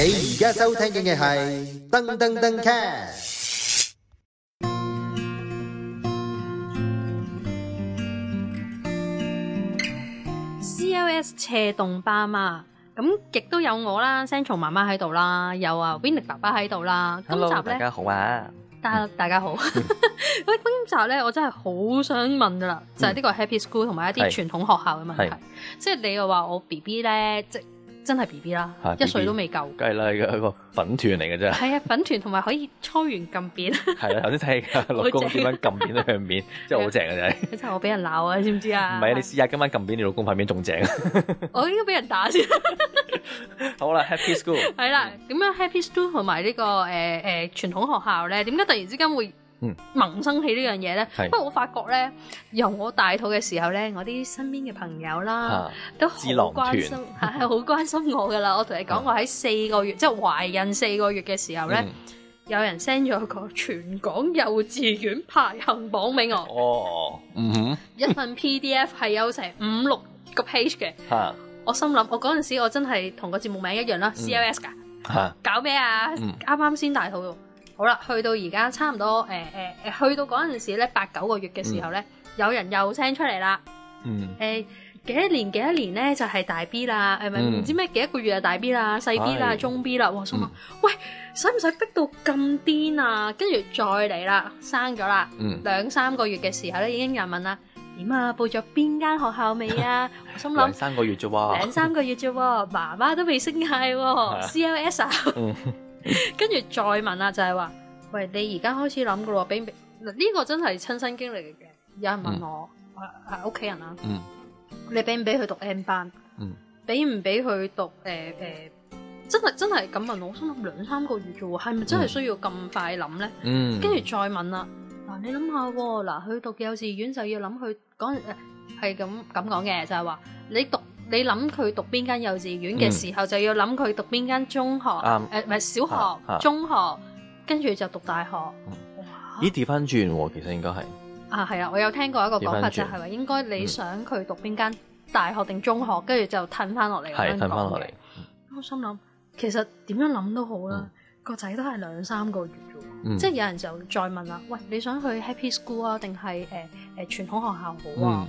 你而家收聽嘅係噔噔噔 cast CLS 斜洞爸媽，咁亦都有我啦，Central 媽媽喺度啦，有啊 Vinny 爸爸喺度啦。Hello, 今集咧大家好啊！得，大家好。喂， 今集咧，我真係好想問㗎啦，就係、是、呢個 Happy School 同埋一啲傳統學校嘅問題，即係你又話我 B B 咧，即。真係 B B 啦，一歲都未夠。梗係啦，佢個粉團嚟嘅啫。係啊，粉團同埋可以搓圓撳扁。係啦，頭先睇下老公點樣撳扁佢面，真係好正嘅真係。真係我俾人鬧啊，你知唔知啊？唔係啊，你試下今晚撳扁你老公塊面仲正。我應該俾人打先。好啦，Happy School。係啦，點樣 Happy School 同埋呢個誒誒傳統學校咧？點解突然之間會？嗯，萌生起呢樣嘢咧，不過我發覺咧，由我大肚嘅時候咧，我啲身邊嘅朋友啦，啊、都好關心，係好關心我噶啦。我同你講，我喺四個月，啊、即係懷孕四個月嘅時候咧、嗯，有人 send 咗個全港幼稚園排行榜俾我。哦，嗯哼，一份 PDF 係有成五六個 page 嘅。吓、啊，我心諗，我嗰陣時候我真係同個節目名一樣啦 COS 噶，吓、嗯啊，搞咩啊？啱啱先大肚。好啦，去到而家差唔多，誒誒誒，去到嗰陣時咧，八九個月嘅時候咧、嗯，有人又聲出嚟啦。嗯。誒、欸，幾多年幾多年咧就係、是、大 B 啦，係咪唔知咩幾一個月啊大 B 啦、細 B 啦、中 B 啦，我心諗，喂，使唔使逼到咁癲啊？跟住再嚟啦，生咗啦，兩、嗯、三個月嘅時候咧，已經有人問啦，點啊，報咗邊間學校未啊？ 我心諗，兩三個月啫、啊，兩三個月啫、啊，媽 媽都未識嗌、啊啊、，CLS 啊。 跟 住再問啦、啊，就係、是、話，喂，你而家開始諗噶啦，俾嗱呢個真係親身經歷嘅，有人問我，係係屋企人啊，嗯，你俾唔俾佢讀 M 班，嗯，俾唔俾佢讀，誒、呃、誒，真係真係咁問我，心諗兩三個月啫，係咪真係需要咁快諗咧？嗯，跟住再問啦、啊，嗱、啊，你諗下、啊，嗱、啊，佢讀幼稚園就要諗佢，嗰、啊、陣，係咁咁講嘅，就係、是、話，你讀。你諗佢讀邊間幼稚園嘅時候，嗯、就要諗佢讀邊間中學，誒唔係小學、啊、中學，跟、啊、住就讀大學。哇、嗯、咦？掉、啊、翻轉其實應該係啊，係啊，我有聽過一個講法就係、是、話，應該你想佢讀邊間大學定中學，跟住就褪翻落嚟咁樣講嘅。我心諗，其實點樣諗都好啦、嗯，個仔都係兩三個月、嗯，即係有人就再問啦，喂，你想去 Happy School 啊，定係誒誒傳統學校好啊？嗯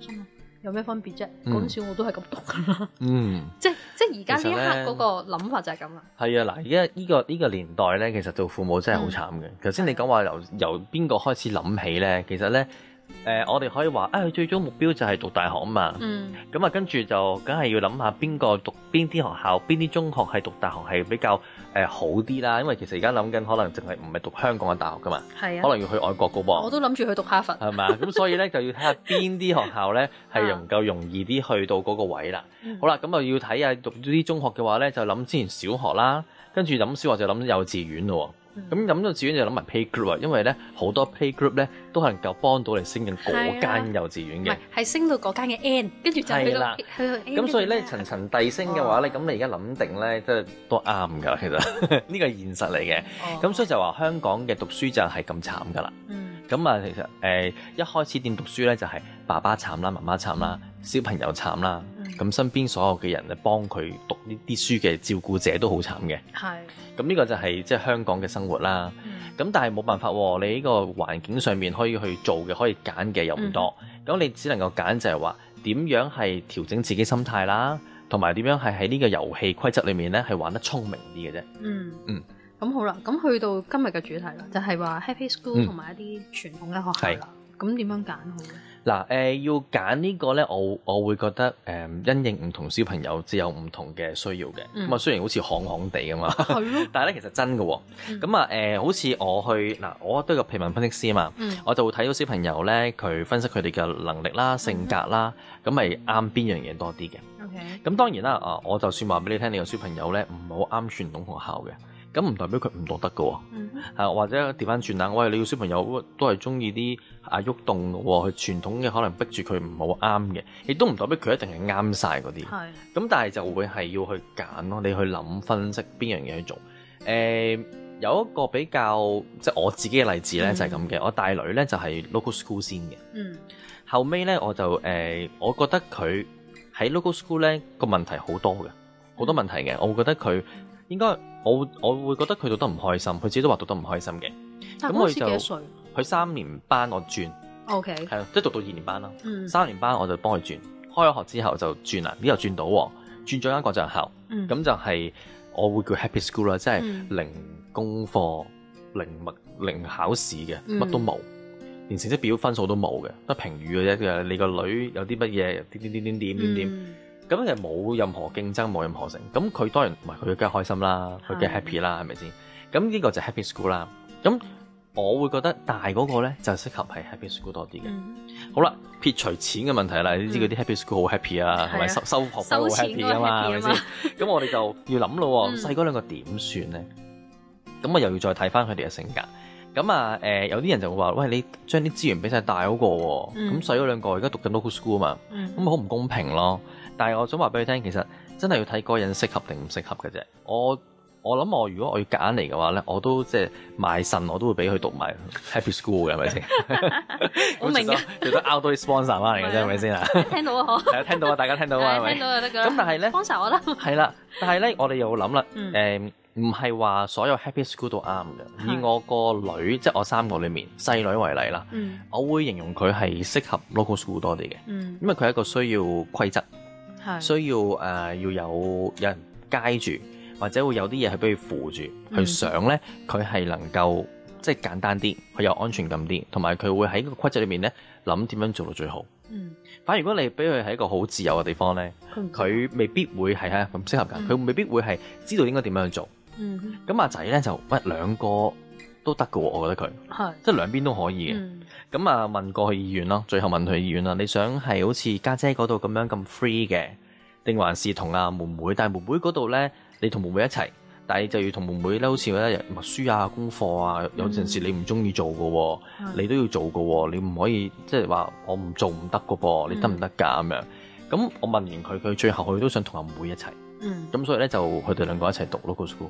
心有咩分別啫？講小我都係咁讀噶啦，嗯，這 嗯即即而家呢一刻嗰個諗法就係咁啦。係啊，嗱，而家呢個呢、呢個年代咧，其實做父母真係好慘嘅。頭、嗯、先你講話由由邊個開始諗起咧？其實咧。誒、呃，我哋可以話，佢最終目標就係讀大學啊嘛。嗯。咁啊，跟住就梗係要諗下邊個讀邊啲學校，邊啲中學係讀大學係比較誒、呃、好啲啦。因為其實而家諗緊，可能淨係唔係讀香港嘅大學噶嘛。係啊。可能要去外國噶噃。我都諗住去讀哈佛。係嘛？咁所以咧 就要睇下邊啲學校咧係容夠容易啲去到嗰個位啦，嗯。好啦，咁啊要睇下讀啲中學嘅話咧，就諗之前小學啦，跟住諗小學就諗幼稚園咯。咁咁個幼稚園就諗埋 pay group 啊，因為咧好多 pay group 咧都係能夠幫到你升緊嗰間幼稚園嘅，係、啊、升到嗰間嘅 n，跟住就係啦。咁、啊、所以咧層層遞升嘅話咧，咁、哦、你而家諗定咧，即係都啱噶。其實呢、這個現實嚟嘅，咁、哦、所以就話香港嘅讀書就係咁慘噶啦。咁、嗯、啊，其實、呃、一開始點讀書咧，就係、是、爸爸慘啦，媽媽慘啦，小朋友慘啦。咁身邊所有嘅人嚟幫佢讀呢啲書嘅照顧者都好慘嘅。係。咁呢個就係即係香港嘅生活啦。咁、嗯、但係冇辦法喎、啊，你呢個環境上面可以去做嘅、可以揀嘅又唔多。咁、嗯、你只能夠揀就係話點樣係調整自己心態啦，同埋點樣係喺呢個遊戲規則裏面咧係玩得聰明啲嘅啫。嗯。嗯。咁好啦，咁去到今日嘅主題啦，就係、係、話 Happy School 同、嗯、埋一啲傳統嘅學校。咁點樣揀好咧？嗱、這個，誒要揀呢個咧，我我會覺得誒因應唔同小朋友，只有唔同嘅需要嘅咁啊。雖然好似戇戇地啊嘛，但係咧其實真㗎喎。咁、嗯、啊好似我去嗱，我都係個評文分析師啊嘛、嗯，我就會睇到小朋友咧佢分析佢哋嘅能力啦、性格啦，咁咪啱邊樣嘢多啲嘅。咁、okay. 當然啦，啊我就算話俾你聽，你個小朋友咧唔係好啱傳統學校嘅。咁唔代表佢唔覺得嘅喎、哦嗯，啊或者調翻轉啦，我你個小朋友都係中意啲啊喐動喎，佢傳統嘅可能逼住佢唔好啱嘅，亦都唔代表佢一定係啱晒嗰啲。係，咁、嗯、但係就會係要去揀咯，你去諗分析邊樣嘢去做。誒、呃、有一個比較即係我自己嘅例子咧、嗯，就係咁嘅。我帶女咧就係、是、local school 先嘅、嗯，後尾咧我就誒、呃，我覺得佢喺 local school 咧、個問題好多嘅，好多問題嘅，我覺得佢。嗯應該我會我會覺得佢讀得唔開心，佢自己都話讀得唔開心嘅。咁我就佢三年班我轉，OK，係啊，即、就、係、是、讀到二年班啦、嗯。三年班我就幫佢轉，開咗學之後就轉啦，呢度轉到，轉咗間國際學校，咁、嗯、就係我會叫 Happy School 啦，即係零功課、零物、零考試嘅，乜、嗯、都冇，連成績表分數都冇嘅，得評語嘅啫。你個女有啲乜嘢？點點點點點點點。咁就冇任何競爭，冇任何成。咁佢當然唔係佢梗係開心啦，佢梗係 happy 啦，係咪先？咁呢個就 happy school 啦。咁我會覺得大嗰個咧就適合係 happy school 多啲嘅。嗯、好啦，撇除錢嘅問題啦，你知佢啲 happy school 好 happy 啊，同、嗯、埋收、嗯、收學費好 happy 啊嘛，係咪先？咁我哋就要諗咯， 細嗰兩個點算咧？咁我又要再睇翻佢哋嘅性格。咁啊，誒、呃、有啲人就會話，喂，你將啲資源俾晒大嗰個，咁細嗰兩個而家讀緊 local school 啊嘛，咁好唔公平咯。但係我想話俾你聽，其實真係要睇個人適合定唔適合嘅啫。我我諗我如果我要揀嚟嘅話咧，我都即係賣腎，我都會俾佢讀埋 happy school 嘅，係咪先？我 明 啊，叫做 out 到 sponsor 返嚟嘅啫，係咪先啊？聽到 啊，大家聽到啊，大家聽到啊，聽到就得㗎。咁但係咧我覺得啦，但係咧我哋又諗啦，誒、 嗯。嗯唔係話所有 happy school 都啱嘅，以我個女，即、就、係、是、我三個裏面細女為例啦、嗯，我會形容佢係適合 local school 多啲嘅、嗯，因為佢係一個需要規則，需要誒、呃、要有有人 guide 住，或者會有啲嘢係俾佢扶住去想咧，佢係、嗯、能夠即係簡單啲，佢有安全感啲，同埋佢會喺個規則裏面咧諗點樣做到最好。嗯，反而如果你俾佢喺一個好自由嘅地方咧，佢、嗯、未必會係咁適合㗎，佢、嗯、未必會係知道應該點樣去做。嗯，咁阿仔咧就喂兩個都得喎。我覺得佢，係即係兩邊都可以嘅。咁、嗯、啊問過去醫院咯，最後問佢醫院啦，你想係好似家姐嗰度咁樣咁 free 嘅，定還是同阿妹妹？但係妹妹嗰度咧，你同妹妹一齊，但係就要同妹妹咧，好似有一日默書啊、功課啊，有陣時你唔中意做㗎喎、嗯，你都要做㗎喎，你唔可以即係話我唔做唔得㗎噃，你得唔得㗎咁樣？咁、嗯、我問完佢，佢最後佢都想同阿妹妹一齊。嗯，咁所以咧就佢哋兩個一齊讀 local school。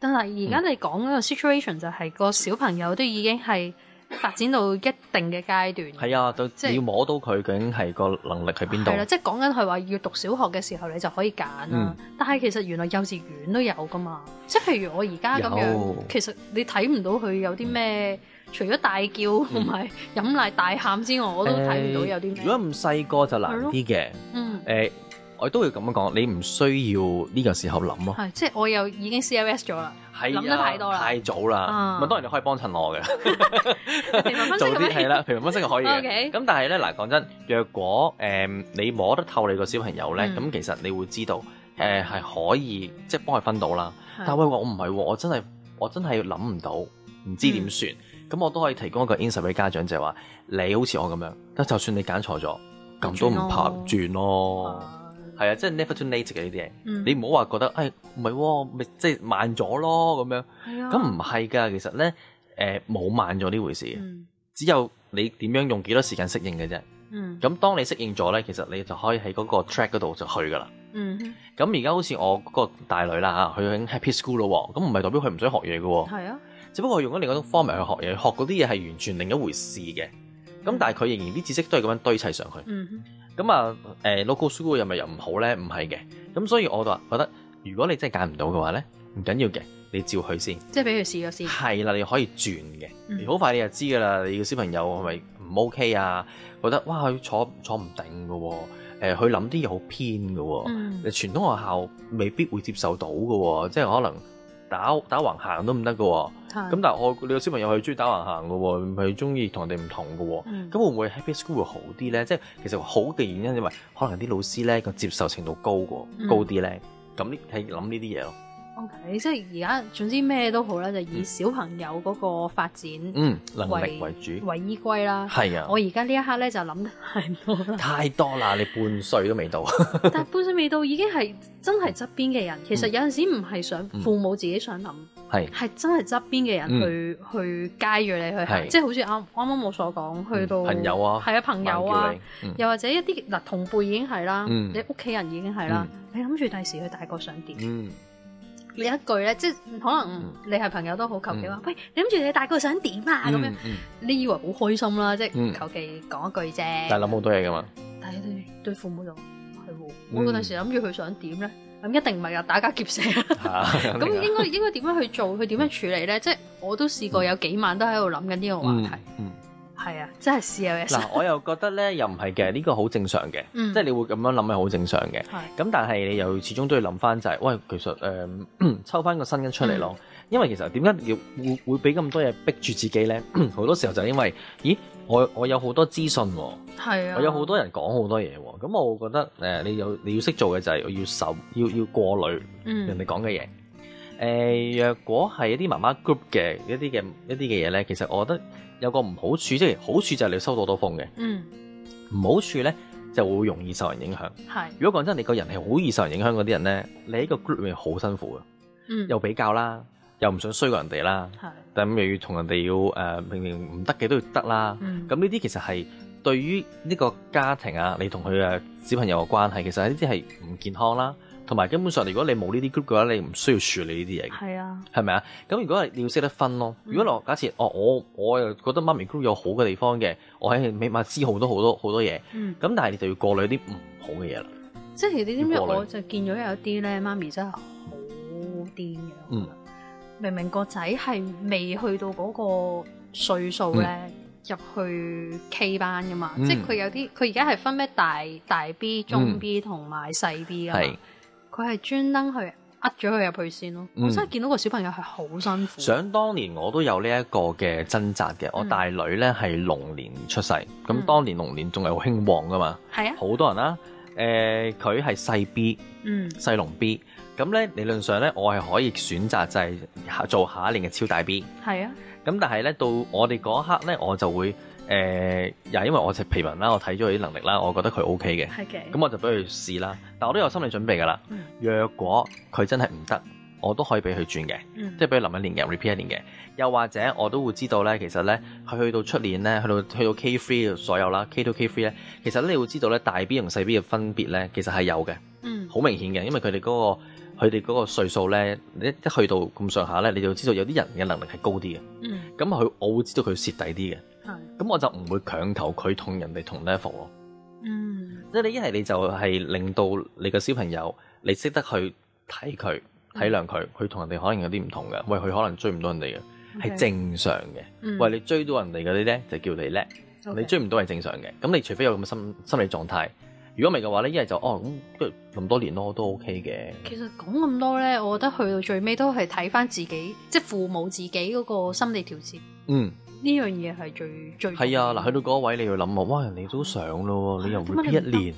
但係而家你講嗰個 situation 就係個小朋友都已經係發展到一定嘅階段。係啊，就即係要摸到佢究竟係個能力喺邊度。係啦、啊，即係講緊係話要讀小學嘅時候你就可以揀啦、嗯。但係其實原來幼稚園都有噶嘛。即係譬如我而家咁樣，其實你睇唔到佢有啲咩、嗯，除咗大叫同埋飲奶大喊之外，我都睇、欸、唔到有啲咩。如果唔細個就難啲嘅。嗯。誒、欸。我都會咁樣講，你唔需要呢個時候諗咯、啊。係即係，我又已經 C O S 咗啦。諗、啊、得太多啦，太早啦。咪、啊、當然你可以幫襯我嘅 做啲係啦，譬如分析可以咁。 okay. 但係咧，嗱講真，若果誒、嗯、你摸得透你個小朋友咧，咁、嗯、其實你會知道誒係、嗯、可以即係、就是、幫佢分到啦。嗯、但係我話我唔係喎，我真係我真係諗唔到，唔知點算咁。嗯、我都可以提供一個 insight 俾家長就係、是、話，你好似我咁樣，就算你揀錯咗，咁都唔怕轉咯。轉咯。係啊，即係 never too late 嘅呢啲嘢，嗯、你唔好話覺得，哎，唔係、哦，咪即係慢咗咯咁樣。係啊。咁唔係㗎，其實咧，誒、呃、冇慢咗呢回事、嗯、只有你點樣用幾多時間適應嘅啫。嗯。咁當你適應咗咧，其實你就可以喺嗰個 track 嗰度就去㗎啦。嗯。咁而家好似我個大女啦嚇，佢喺 Happy School 咯喎，咁唔係代表佢唔想學嘢㗎喎。啊。只不過用緊另一種方法去學嘢，學嗰啲嘢係完全另一回事嘅。咁、嗯、但係佢仍然啲知識都係咁樣堆砌上去。嗯哼。咁啊，誒 local school 又咪又唔好咧？唔係嘅，咁所以我就話覺得，如果你真係揀唔到嘅話咧，唔緊要嘅，你照佢先。即係俾佢試咗先。係啦，你可以轉嘅，好、嗯、快你就知噶啦，你嘅小朋友係咪唔 OK 啊？覺得哇，佢坐坐唔定㗎喎、哦，誒，佢諗啲嘢好偏㗎喎、哦，傳、嗯、統學校未必會接受到㗎喎、哦，即係可能。打打橫行都唔得㗎喎，咁但係我你個小朋友係中意打橫行㗎喎、啊，唔係中意同人哋唔同㗎喎、咁、嗯、會唔會 happy school 會好啲咧？即係其實好嘅原因就係可能啲老師咧，個接受程度高過高啲咧，咁係諗呢啲嘢咯。O、okay，即係而家，總之咩都好啦，就以小朋友嗰個發展為、嗯、能力為主為依歸啦。係啊，我而家呢一刻咧就諗得太多啦。太多啦，你半歲都未到。 但係半歲未到，已經係真係側邊嘅人。其實有陣時唔係想父母自己想諗，係、嗯、係真係側邊嘅人去、嗯、去介住你去，即係好似啱啱啱我所講，去到、嗯、朋友啊，係啊朋友啊、嗯，又或者一啲嗱同輩已經係啦，嗯、你屋企人已經係啦，嗯、你諗住第時佢大個想點？嗯你一句咧，即係可能你係朋友都好，求其話，喂，你諗住你大個想點啊咁、嗯嗯、樣？你以為好開心啦，即係求其講一句啫、嗯。但係諗好多嘢噶嘛。但係對對父母就係喎、嗯，我嗰陣時諗住佢想點咧，咁一定唔係啊，打家劫舍啊。咁應該應該點樣去做？佢點樣處理咧？即、嗯、係、就是、我都試過有幾晚都喺度諗緊呢個話題。嗯嗯係啊，真係嗱、啊，我又覺得咧，又唔係嘅，呢、這個好正常嘅，嗯、即係你會咁樣諗係好正常嘅。咁但係你又始終都要諗翻就係、是，喂，其實誒、呃，抽翻個身出嚟咯。嗯、因為其實點解要會會俾咁多嘢逼住自己咧？好多時候就係因為，咦，我我有好多資訊，我有好多，、啊、多人講好多嘢，咁、嗯、我覺得誒、呃，你有你要識做嘅就係我要受要要過濾、嗯、人哋講嘅嘢。誒、呃，若果係一啲媽媽 group 嘅一啲嘅一啲嘅嘢咧，其實我覺得。有個唔好處，即係好處就係你收到多風嘅，嗯，唔好處咧就會容易受人影響。係，如果講真，你個人係好易受人影響嗰啲人咧，你喺個 group 裏面好辛苦嘅，嗯，又比較啦，又唔想衰過人哋啦，但係咁又要同人哋要誒，明明唔得嘅都要得啦。咁呢啲其實係對於呢個家庭啊，你同佢嘅小朋友嘅關係，其實呢啲係唔健康啦。同埋，根本上，如果你冇呢啲 group 嘅話，你唔需要處理呢啲嘢。係啊是，係咪啊？咁如果係你要識得分咯，如果我假設，哦，我我又覺得媽咪 group 有好嘅地方嘅，我喺美墨知好多好多好多嘢。嗯。咁，但係你就要過濾啲唔好嘅嘢啦。即係你知唔知？我就見咗有啲咧，媽咪真係好癲嘅。嗯。明明個仔係未去到嗰個歲數咧，入、嗯、去 K 班噶嘛？嗯、即係佢有啲佢而家係分咩大大 B、中 B 同埋細 B 噶嘛？佢係專登去呃咗佢入去先咯、嗯。我真係見到個小朋友係好辛苦。想當年我都有呢一個嘅掙扎嘅、嗯。我大女呢係龍年出世，咁、嗯、當年龍年仲係好興旺㗎嘛，係、嗯、啊，好多人啦。誒，佢係細 B，嗯，細龍 B。咁呢，理論上呢，我係可以選擇就係做下一年嘅超大 B 係、嗯、啊。咁但係呢，到我哋嗰一刻呢，我就會。誒、呃，又因為我係皮紋啦，我睇咗佢啲能力啦，我覺得佢 O K 嘅，咁、okay. 我就俾佢試啦。但我都有心理準備噶啦，若果佢真係唔得，我都可以俾佢轉嘅，mm. 即係俾佢臨一年嘅，repeat 一年嘅。又或者我都會知道咧，其實咧，佢去到出年咧，去到去到 K three 左右啦，K two K three 咧，其實咧，你會知道咧，大 B 同細 B 嘅分別咧，其實係有嘅，好、mm. 明顯嘅，因為佢哋嗰個佢哋嗰個歲數咧，一一去到咁上下咧，你就知道有啲人嘅能力係高啲嘅，咁、mm. 佢我會知道佢蝕底啲嘅。咁我就唔會強求佢同人哋同 level 咯。嗯，即係你一係你就係令到你個小朋友，你識得去睇佢、體諒佢，佢、嗯、同人哋可能有啲唔同嘅，喂，佢可能追唔到人哋嘅，係、okay, 正常嘅、嗯。喂，你追到人哋嗰啲咧，就叫你叻，okay, 你追唔到係正常嘅。咁你除非有咁嘅心心理狀態，如果唔係嘅話咧，一係就哦咁咁多年咯，都 OK 嘅。其實講咁多咧，我覺得去到最尾都係睇翻自己，即、就、係、是、父母自己嗰個心理調節。嗯。呢樣嘢係最最係啊！嗱，去到嗰位你要諗喎，哇！人哋都想咯，你又 repeat 一年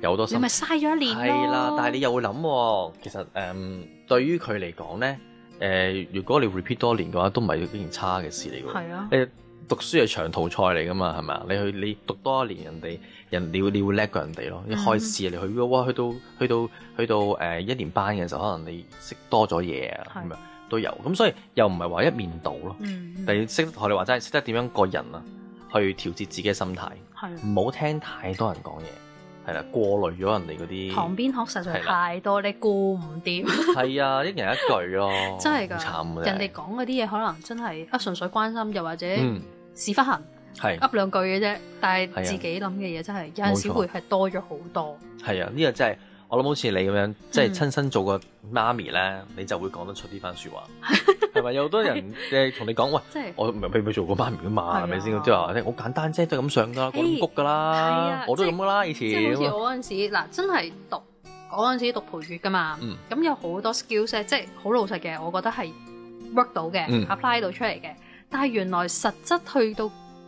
有多時，咪嘥咗一年咯。啦、啊，但係你又會諗其實誒、嗯，對於佢嚟講咧，如果你 repeat 多年嘅話都唔係件差嘅事嚟啊，誒，讀書係長途賽嚟噶嘛，係咪啊？你去你讀多一年，人哋人你你會叻過人哋咯，一開始你去哇！去到去到去到、呃、一年班嘅時候，可能你食多咗嘢啊咁啊。是的。都有咁，所以又唔係話一面倒咯，嗯。但要識學你話齋，識得點樣個人啊，去調節自己嘅心態，唔好聽太多人講嘢，係啦，過濾咗人哋嗰啲。旁邊講實在太多，的你顧唔掂。係 啊，一人一句咯，真係㗎，慘嘅。人哋講嗰啲嘢可能真係啊，純粹關心，又或者屎忽痕，噏兩句嘅啫。但係自己諗嘅嘢真係有陣時會係多咗好多。係啊，呢、呢個真係。我諗好似你咁樣，即係親身做過媽咪咧、嗯，你就會講得出呢番說話，係 咪？有好多人即係同你講，喂，即係我唔係未做過媽咪噶嘛，係咪先？即係話好簡單啫，都咁上噶，滾谷噶啦、啊，我都咁噶啦。以前，我嗰陣時嗱，真係讀嗰陣時讀陪月噶嘛，咁、嗯、有好多 skills 咧，即係好老實嘅，我覺得係 work 到嘅、嗯、apply 到出嚟嘅。但係原來實質去到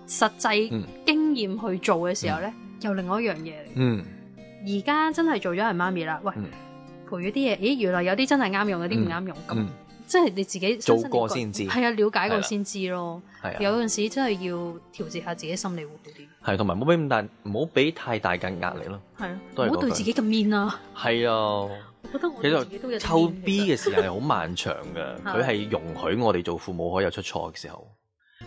實際經驗去做嘅時候咧，又另外一樣嘢嚟。嗯。而家真係做咗人媽咪啦，喂，嗯、陪咗啲嘢，咦？原來有啲真係啱用，有啲唔啱用，咁、嗯嗯、即係你自己身身做過先知，係啊，了解過先知咯。有陣時真係要調節下自己心理活動一點，活好啲。係，同埋唔好俾咁大，唔好俾太大嘅壓力咯。係啊，唔好對自己咁面啊。係啊，我覺得我對自己有其實湊 B 嘅時間係好漫長嘅，佢 係、啊、容許我哋做父母可以有出錯嘅時候。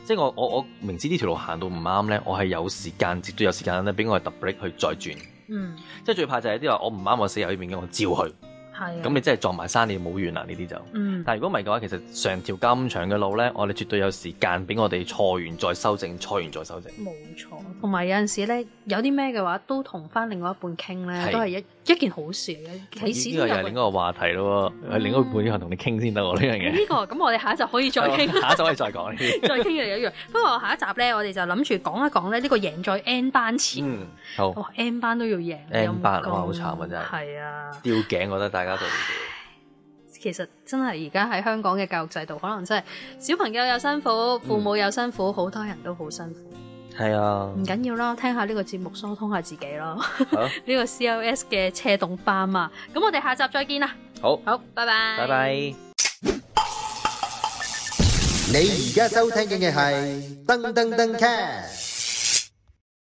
即係我我我明知呢條路行到唔啱咧，我係有時間，絕對有時間咧，俾我係 break 去再轉。嗯，即係最怕就係啲話我唔啱我死喺呢邊嘅我照去，係，咁、嗯、你真係撞埋山你冇完啦呢啲就，嗯，但係如果唔係嘅話，其實成條咁長嘅路咧，我哋絕對有時間俾我哋錯完再修正，錯完再修正，冇錯，同埋有陣時咧，有啲咩嘅話都同翻另外一半傾咧，都係一，一件好事嚟嘅，起、這個這個、又係另一個話題咯，另一個伴侶同你傾先得喎呢樣嘢。呢、這個咁、嗯這個、我哋下一集可以再傾，下一集可以再講呢啲， 再傾又一樣。不過下一集咧，我哋就諗住講一講咧呢個贏在 N 班前，嗯、好、哦、N 班都要贏，N 班有有、哦、好慘啊真係，係啊，吊頸我覺得大家都，其實真係而家喺香港嘅教育制度，可能真係小朋友又辛苦，父母又辛苦，嗯，好多人都好辛苦。係啊，唔緊要啦，聽下呢個節目疏通下自己咯。呢個 COS 嘅車動班啊，咁我哋下集再見啦。好好，拜拜，拜拜。你而家收聽嘅係噔噔噔 cast。